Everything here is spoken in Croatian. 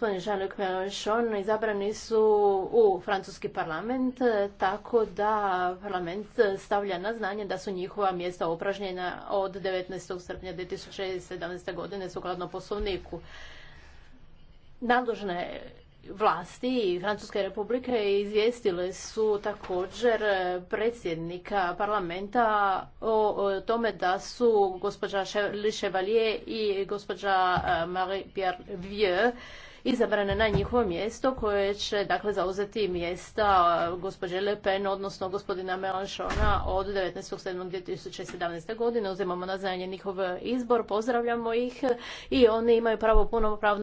Gospodin Jean-Luc Mélenchon izabrani su u francuski parlament, e, tako da parlament stavlja na znanje da su njihova mjesta opražnjena od 19. srpnja 2017. godine sukladno poslovniku. Nadložne vlasti Francuske republike izvijestile su također predsjednika parlamenta o tome da su gospođa Le Chevalier i gospođa e, Marie-Pierre Vieux izabrane na njihovo mjesto koje će dakle zauzeti mjesta uh, gospođe Le Pen, odnosno gospodina Melanchona od 19.7.2017. godine. Uzimamo na znanje njihov uh, izbor, pozdravljamo ih uh, i oni imaju pravo punopravno